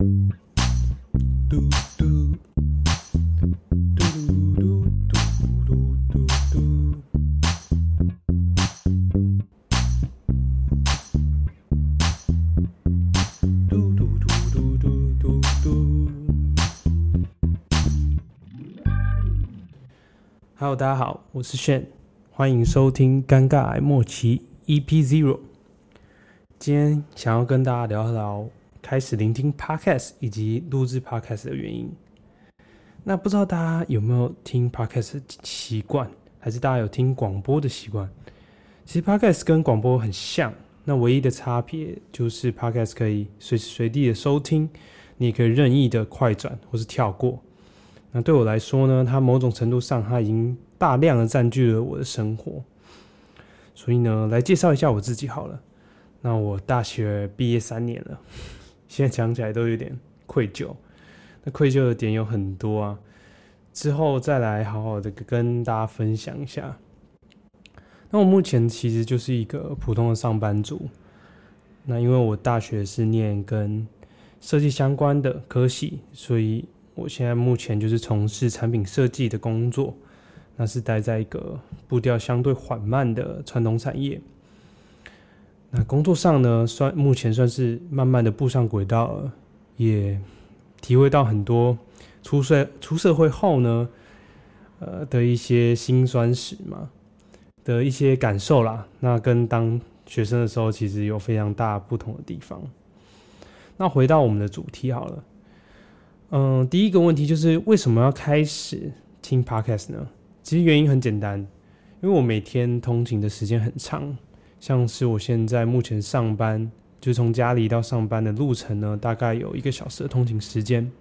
嘟嘟嘟嘟嘟嘟嘟嘟嘟嘟嘟嘟嘟嘟。Hello，、哦喔、大家好，我是 Shane，歡迎收聽《尷尬癌末期》EP Zero。今天想要跟大家聊聊，開始聆聽 podcast 以及錄製 podcast 的原因，那不知道大家有沒有聽 podcast 的習慣，還是大家有聽廣播的習慣？其實 podcast 跟廣播很像，那唯一的差別就是 podcast 可以隨時隨地的收聽，你也可以任意的快轉或是跳過。那對我來說呢，它某種程度上它已經大量的佔據了我的生活。所以呢，來介紹一下我自己好了。那我大學畢業三年了。現在講起來都有點愧疚，那愧疚的點有很多啊。之後再來好好的跟大家分享一下。那我目前其實就是一個普通的上班族。那因為我大學是念跟設計相關的科系，所以我現在目前就是從事產品設計的工作，那是待在一個步調相對緩慢的傳統產業。那工作上呢，算目前算是慢慢的步上軌道了，也體會到很多出社出社會後呢，呃，的一些辛酸史嘛，的一些感受啦。那跟當學生的時候其實有非常大不同的地方。那回到我們的主題好了，嗯，第一個問題就是為什麼要開始聽 Podcast 呢？其實原因很簡單，因為我每天通勤的時間很長。像是我現在目前上班，就從家裡到上班的路程呢，大概有一個小時的通勤時間。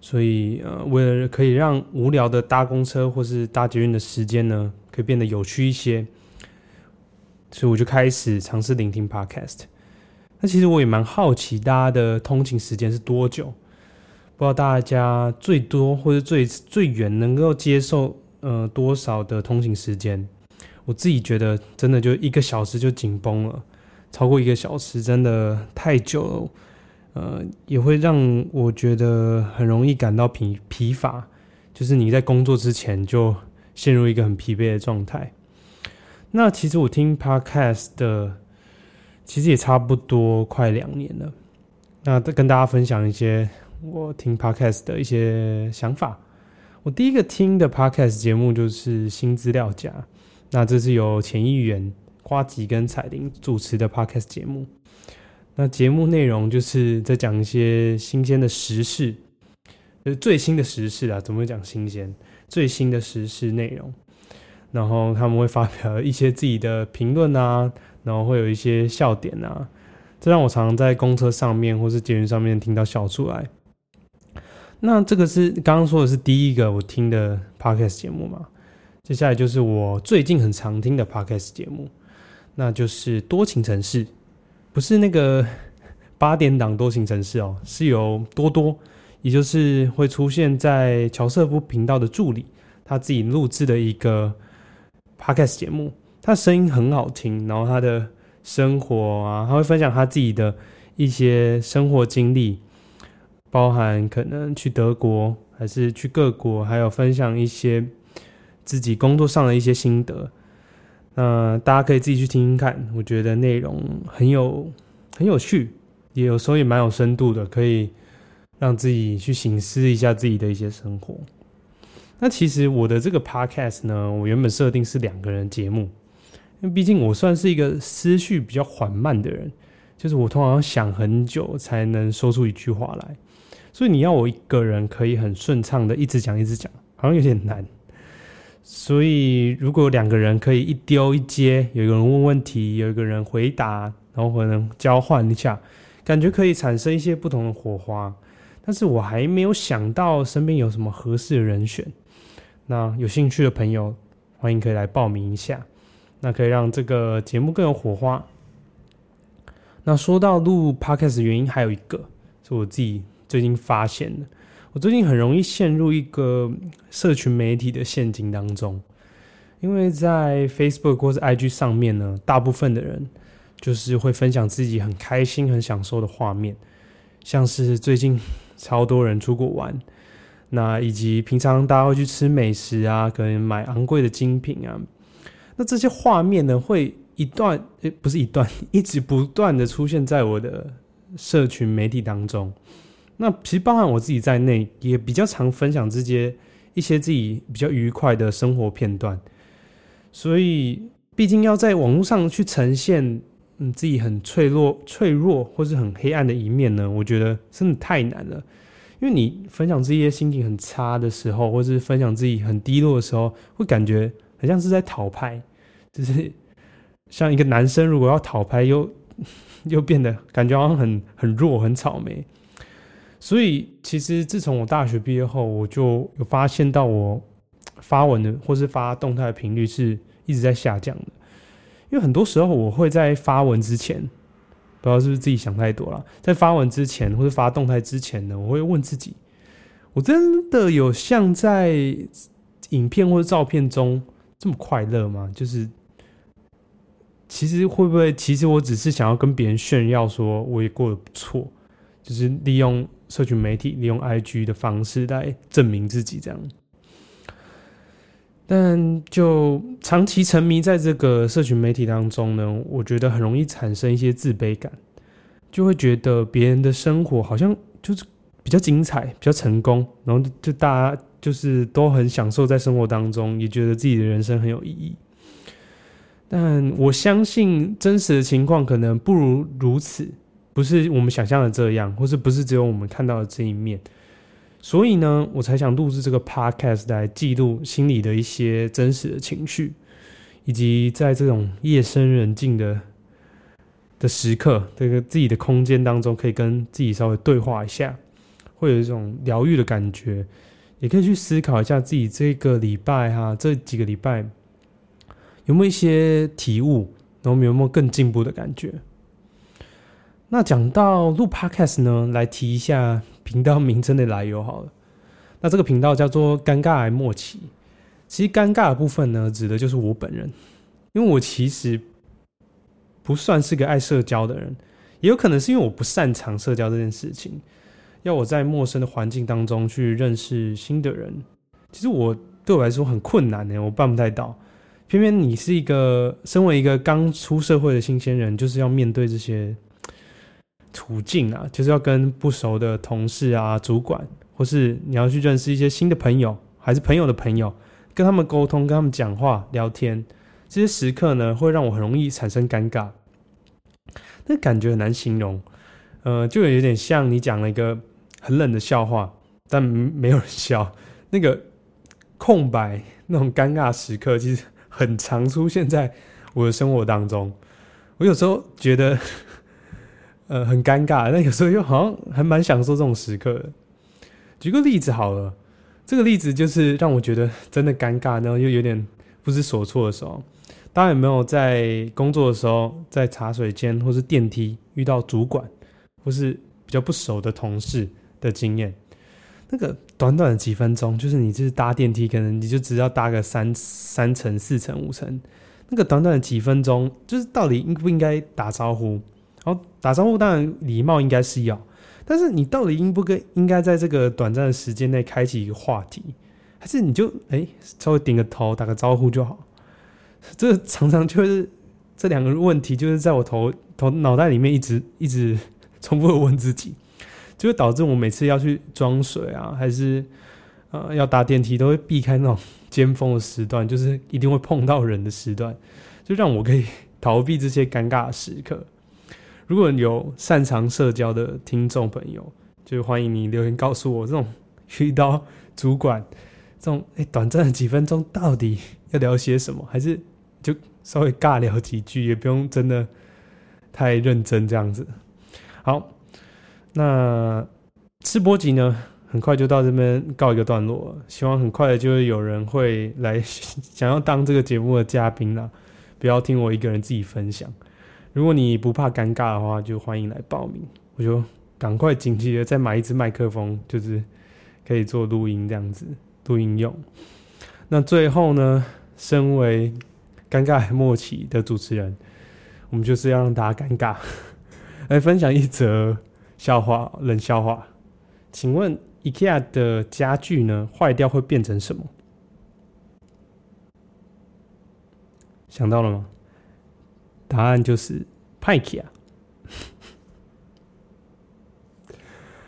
所以呃，為了可以讓無聊的搭公車或是搭捷運的時間呢，可以變得有趣一些，所以我就開始嘗試聆聽 Podcast。那其實我也蠻好奇大家的通勤時間是多久，不知道大家最多或者最最遠能夠接受呃多少的通勤時間。我自己覺得，真的就一個小時就緊繃了，超過一個小時真的太久了，呃，也會讓我覺得很容易感到疲疲乏，就是你在工作之前就陷入一個很疲憊的狀態。那其實我聽 podcast 的，其實也差不多快兩年了。那跟大家分享一些我聽 podcast 的一些想法。我第一個聽的 podcast 節目就是《新資料夾》。那這是由前議員呱吉跟彩玲主持的 Podcast 節目。那節目內容就是在講一些新鮮的時事，就是最新的時事，最新的時事啊，怎麼會講新鮮？最新的時事內容。然後他們會發表一些自己的評論啊，然後會有一些笑點啊，這讓我常常在公車上面或是捷運上面聽到笑出來。那這個是剛剛說的是第一個我聽的 Podcast 節目嘛。接下來就是我最近很常聽的 podcast 節目，那就是《多情城市》，不是那個八點檔《多情城市》哦，是由多多，也就是會出現在喬瑟夫頻道的助理，他自己錄製的一個 podcast 節目。他聲音很好聽，然後他的生活啊，他會分享他自己的一些生活經歷，包含可能去德國，還是去各國，還有分享一些。自己工作上的一些心得，那大家可以自己去聽聽看。我覺得內容很有很有趣，也有時候也蠻有深度的，可以讓自己去省思一下自己的一些生活。那其實我的這個 podcast 呢，我原本設定是兩個人節目，因為畢竟我算是一個思緒比較緩慢的人，就是我通常想很久才能說出一句話來，所以你要我一個人可以很順暢的一直講一直講，好像有點難。所以，如果兩個人可以一丟一接，有一個人問問題，有一個人回答，然後可能交換一下，感覺可以產生一些不同的火花。但是我還沒有想到身邊有什麼合適的人選。那有興趣的朋友，歡迎可以來報名一下，那可以讓這個節目更有火花。那說到錄 podcast 的原因，還有一個是我自己最近發現的。我最近很容易陷入一個社群媒體的陷阱當中，因為在 Facebook 或是 IG 上面呢，大部分的人就是會分享自己很開心、很享受的畫面，像是最近超多人出國玩，那以及平常大家會去吃美食啊，可能買昂貴的精品啊，那這些畫面呢，會一段誒不是一段，一直不斷的出現在我的社群媒體當中。那其實包含我自己在內，也比較常分享這些一些自己比較愉快的生活片段。所以，畢竟要在網絡上去呈現你自己很脆弱、脆弱或是很黑暗的一面呢，我覺得真的太難了。因為你分享這些心情很差的時候，或是分享自己很低落的時候，會感覺很像是在討拍，就是像一個男生如果要討拍，又又變得感覺好像很很弱、很草莓。所以，其實自從我大學畢業後，我就有發現到我發文的或是發動態的頻率是一直在下降的。因為很多時候，我會在發文之前，不知道是不是自己想太多了。在發文之前或是發動態之前呢，我會問自己：我真的有像在影片或者照片中這麼快樂嗎？就是其實會不會，其實我只是想要跟別人炫耀，說我也過得不錯。就是利用社群媒體，利用 IG 的方式來證明自己，這樣。但就長期沉迷在這個社群媒體當中呢，我覺得很容易產生一些自卑感，就會覺得別人的生活好像就是比較精彩、比較成功，然後就大家就是都很享受在生活當中，也覺得自己的人生很有意義。但我相信真實的情況可能不如如此。不是我們想象的這樣，或是不是只有我們看到的這一面，所以呢，我才想錄製這個 podcast 來記錄心裡的一些真實的情緒，以及在這種夜深人靜的的時刻，這個自己的空間當中，可以跟自己稍微對話一下，會有一種療癒的感覺，也可以去思考一下自己這個禮拜哈、啊，這幾個禮拜有沒有一些體悟，然後有沒有更進步的感覺。那講到錄 Podcast 呢，來提一下頻道名稱的來由好了。那這個頻道叫做“尷尬癌末期”，其實“尷尬”的部分呢，指的就是我本人，因為我其實不算是個愛社交的人，也有可能是因為我不擅長社交這件事情。要我在陌生的環境當中去認識新的人，其實我對我來說很困難呢，我辦不太到。偏偏你是一個身為一個剛出社會的新鮮人，就是要面對這些。途徑啊，就是要跟不熟的同事啊、主管，或是你要去認識一些新的朋友，還是朋友的朋友，跟他們溝通、跟他們講話、聊天，這些時刻呢，會讓我很容易產生尷尬。那感覺很難形容，呃，就有點像你講了一個很冷的笑話，但沒有人笑，那個空白那種尷尬的時刻，其實很常出現在我的生活當中。我有時候覺得。呃，很尷尬，但有時候又好像還蠻享受這種時刻。舉個例子好了，這個例子就是讓我覺得真的尷尬，然後又有點不知所措的時候。大家有沒有在工作的時候，在茶水間或是電梯遇到主管或是比較不熟的同事的經驗？那個短短的幾分鐘，就是你就是搭電梯，可能你就只要搭個三、三層、四層、五層，那個短短的幾分鐘，就是到底應不應該打招呼？然後打招呼，當然禮貌應該是要，但是你到底應不該應該在這個短暫的時間內開啟一個話題，還是你就哎稍微點個頭打個招呼就好？這常常就是這兩個問題，就是在我頭頭腦袋裡面一直一直重複的問自己，就會導致我每次要去裝水啊，還是呃要搭電梯，都會避開那種尖峰的時段，就是一定會碰到人的時段，就讓我可以逃避這些尷尬的時刻。如果有擅長社交的聽眾朋友，就歡迎你留言告訴我，這種遇到主管這種誒短暫的幾分鐘，到底要聊些什麼，還是就稍微尬聊幾句，也不用真的太認真這樣子。好，那試播集呢，很快就到這邊告一個段落了，希望很快就會有人會來想要當這個節目的嘉賓啦，不要聽我一個人自己分享。如果你不怕尷尬的話，就歡迎來報名。我就趕快緊急的再買一支麥克風，就是可以做錄音這樣子，錄音用。那最後呢，身為尷尬默契的主持人，我們就是要讓大家尷尬，來分享一則笑話，冷笑話。請問 IKEA 的家具呢，壞掉會變成什麼？想到了嗎？答案就是派克。啊！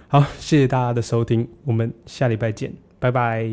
好，謝謝大家的收聽，我們下禮拜見，拜拜。